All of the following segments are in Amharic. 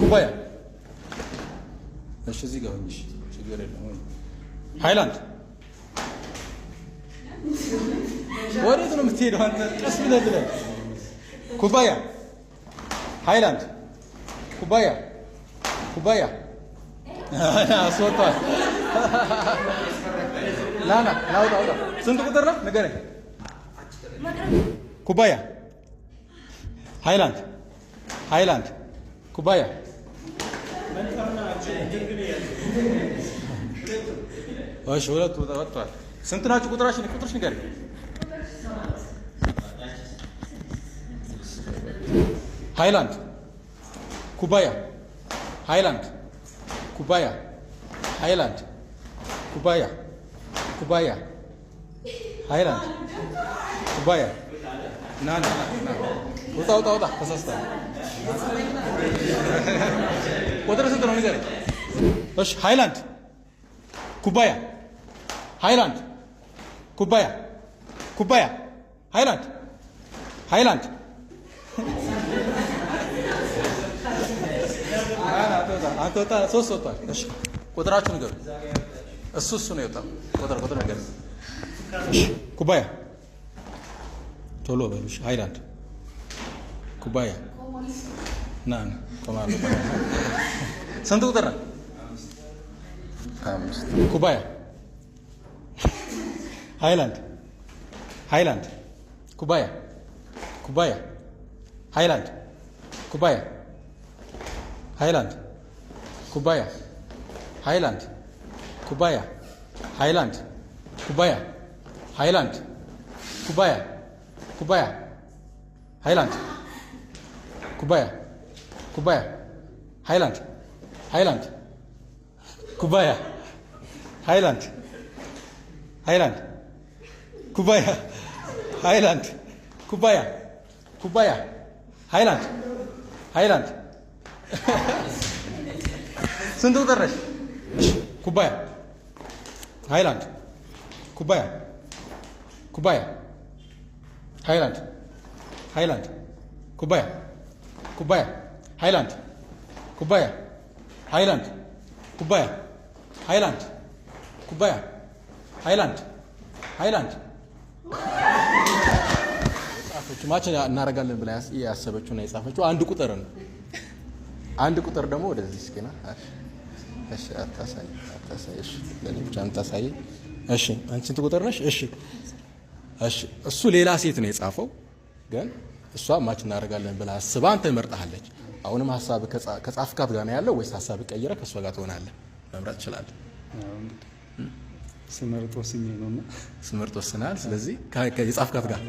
كوبايا ماشي زي قاونيش شي غير هون هايلاند وريد نمثيل وانت قسم ذا ذا كوبايا هايلاند كوبايا كوبايا لا صوت لا لا لا لا لا سنت قدرنا نقري كوبايا هايلاند هايلاند ኩባያ እሺ፣ ሁለቱ ወጥቷል። ስንት ናችሁ? ቁጥራሽን ቁጥርሽ ንገሪ። ሃይላንድ፣ ኩባያ፣ ሃይላንድ፣ ኩባያ፣ ሃይላንድ፣ ኩባያ፣ ኩባያ፣ ሃይላንድ፣ ኩባያ። ና ና ውጣ ውጣ ውጣ፣ ተሳስተሃል። ቁጥር ስንት ነው ንገረኝ? እሺ ሃይላንድ፣ ኩባያ፣ ሃይላንድ፣ ኩባያ፣ ኩባያ፣ ሃይላንድ፣ ሃይላንድ አንተ ወጣ፣ ሶስት ወጥቷል። እሺ ቁጥራችሁ ንገሩኝ። እሱ እሱ ነው የወጣው ቁጥር ቁጥር ንገሩኝ። ኩባያ ቶሎ በሉ። ሃይላንድ ኩባያ Nah, koma lupa. Sentuh utara. Amsterdam. Kubaya. Highland. Highland. Kubaya. Kubaya. Highland. Kubaya. Highland. Kubaya. Highland. Kubaya. Highland. Kubaya. Highland. Kubaya. Kubaya. Highland. Kubaya. Highland. ኩባያ ኩባያ ሃይላንድ ሃይላንድ ኩባያ ሃይላንድ ሃይላንድ ኩባያ ሃይላንድ ኩባያ ኩባያ ሃይላንድ ሃይላንድ ስንት ቁጥር ኩባያ ሃይላንድ ኩባያ ኩባያ ሃይላንድ ሃይላንድ ኩባያ ኩባያ ሃይላንድ ኩባያ ሃይላንድ ኩባያ ሃይላንድ ኩባያ ሃይላንድ ሃይላንድ ጻፈችው። ማች እናደርጋለን ብላ እና የጻፈችው አንድ ቁጥር ነው። አንድ ቁጥር ደግሞ ወደዚህ እስኪና እሺ፣ አታሳይ እሺ፣ እሺ፣ አንቺ እንትን ቁጥር ነሽ። እሺ፣ እሺ። እሱ ሌላ ሴት ነው የጻፈው ግን እሷ ማች እናደርጋለን ብላ አስባ አንተ መርጣሃለች። አሁንም ሀሳብ ከጻፍካት ጋር ነው ያለው ወይስ ሀሳብ ቀይረ ከእሷ ጋር ትሆናለህ? መምረጥ ትችላለህ። ስመርጥ ነው ነውና ስመርጥ ስናል። ስለዚህ የጻፍካት ጋር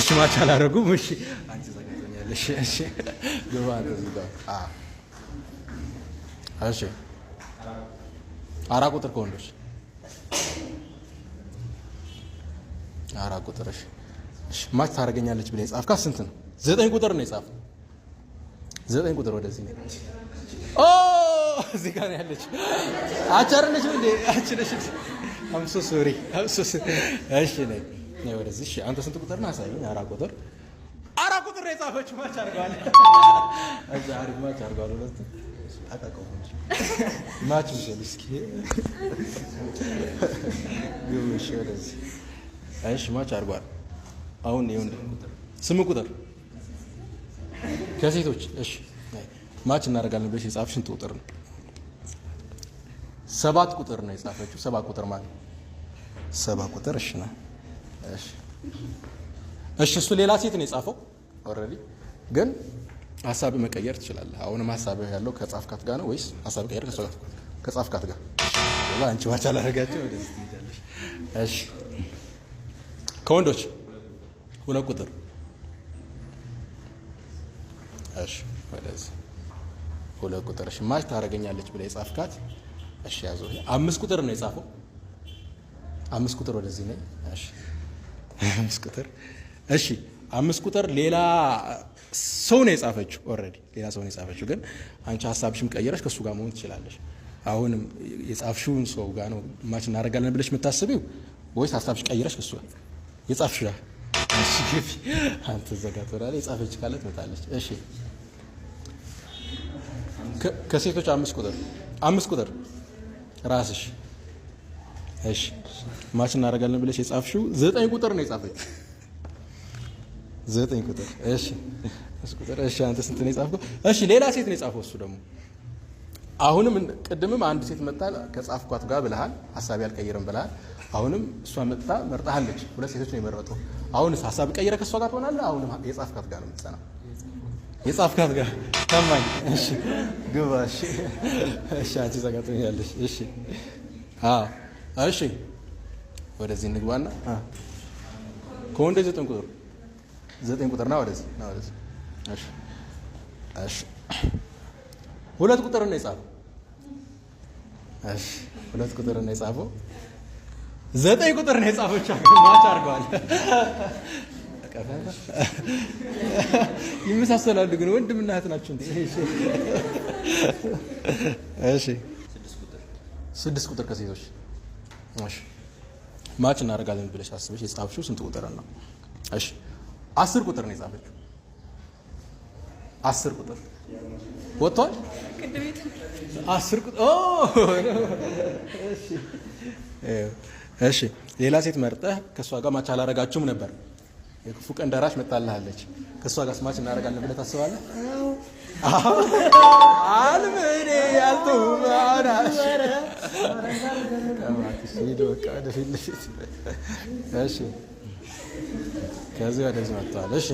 እሺ፣ ማች አላደረጉም። እሺ፣ አንቺ ዘጋኛለሽ። እሺ፣ ግባ እንደዚህ ጋር እሺ አራት ቁጥር ከወንዶች አራት ቁጥር እሺ ማች ታደርገኛለች ብለህ የጻፍካት ስንት ነው? ዘጠኝ ቁጥር ነው የጻፍ ዘጠኝ ቁጥር ወደዚህ ነው ኦ እዚህ ጋር ያለች አቻርነች እንዴ አችነሽ አምሶ ሶሪ አምሶ እሺ ነይ ነይ ወደዚህ እሺ አንተ ስንት ቁጥር ነው? አሳየኝ አራት ቁጥር አራት ቁጥር ነው የጻፈችው ማች አድርገዋል እዛ አሪፍ ማች አድርገዋል ሁለት አጣቀው ማች ነው እስኪ ግብ እሺ ወደዚህ እሺ ማች አድርገዋል አሁን የወንድ ስም ቁጥር ከሴቶች እሺ፣ ማች እናደርጋለን ብለሽ የጻፍሽን ቁጥር ነው። ሰባት ቁጥር ነው የጻፈችው። ሰባት ቁጥር ማለት ሰባት ቁጥር እሺ፣ ነው እሺ፣ እሺ። እሱ ሌላ ሴት ነው የጻፈው። ኦልሬዲ ግን ሀሳብ መቀየር ትችላለህ። አሁንም ሀሳብ ያለው ከጻፍካት ጋር ነው ወይስ ሀሳብ ቀየር ከጻፍካት ጋር? አንቺ ባቻ ላደርጋቸው እሺ ከወንዶች ሁለት ቁጥር እሺ፣ ወደዚህ ሁለ ቁጥር እሺ፣ ማች ታደርገኛለች ብለህ የጻፍካት እሺ፣ ያዘው። አምስት ቁጥር ነው የጻፈው። አምስት ቁጥር ወደዚህ ነኝ። እሺ፣ አምስት ቁጥር እሺ፣ አምስት ቁጥር ሌላ ሰው ነው የጻፈችው። ኦልሬዲ ሌላ ሰው ነው የጻፈችው፣ ግን አንቺ ሀሳብሽም ቀየረሽ ከእሱ ጋር መሆን ትችላለሽ። አሁንም የጻፍሽውን ሰው ጋር ነው ማች እናደርጋለን ብለሽ የምታስቢው ወይስ ሀሳብሽ ቀይረሽ ከእሱ ጋር የጻፍሽ እሺ ግቢ። አንተ ዘጋ ትወዳለህ። የጻፈች ካለ ትመጣለች። እሺ ከሴቶች አምስት ቁጥር አምስት ቁጥር ራስሽ። እሺ ማች እናደርጋለን ብለሽ የጻፍሽው ዘጠኝ ቁጥር ነው የጻፈችው። ዘጠኝ ቁጥር እሺ፣ ቁጥር እሺ። አንተ ስንት ነው የጻፍከው? እሺ፣ ሌላ ሴት ነው የጻፈው እሱ ደግሞ አሁንም ቅድምም አንድ ሴት መጣ ከጻፍኳት ጋር ብለሃል፣ ሀሳቢ አልቀይርም ብለሃል አሁንም እሷ መጥታ መርጣሃለች። ሁለት ሴቶች ነው የመረጠው። አሁንስ ሀሳብ ቀይረ ከእሷ ጋር ትሆናለህ። አሁንም የጻፍካት ጋር ነው የምትጸናው። የጻፍካት ጋር ተማኝ። እሺ ግባ። እሺ እሺ፣ አንቺ ዘጋጥኛለሽ። እሺ አዎ፣ እሺ ወደዚህ እንግባና ከወንዶች ዘጠኝ ቁጥር ዘጠኝ ቁጥር ና ወደዚህ ና ወደዚህ። እሺ እሺ፣ ሁለት ቁጥር ነው የጻፈው። እሺ፣ ሁለት ቁጥር ነው የጻፈው ዘጠኝ ቁጥር ነው የጻፈች ማች አድርገዋል። ይመሳሰላሉ ግን ወንድምና እህት ናቸው። ስድስት ቁጥር ከሴቶች ማች እናደርጋለን ብለሽ አስበሽ የጻፍሽው ስንት ቁጥር ነው? እሺ አስር ቁጥር ነው የጻፈችው። አስር ቁጥር ወጥቷል። አስር ቁጥር እሺ ሌላ ሴት መርጠህ ከእሷ ጋር ማች አላረጋችሁም ነበር። የክፉ ቀን ደራሽ መጣልሃለች። ከእሷ ጋር ስማች እናደርጋለን ብለህ ታስባለህ? ከዚህ ወደዚህ መጥተዋል። እሺ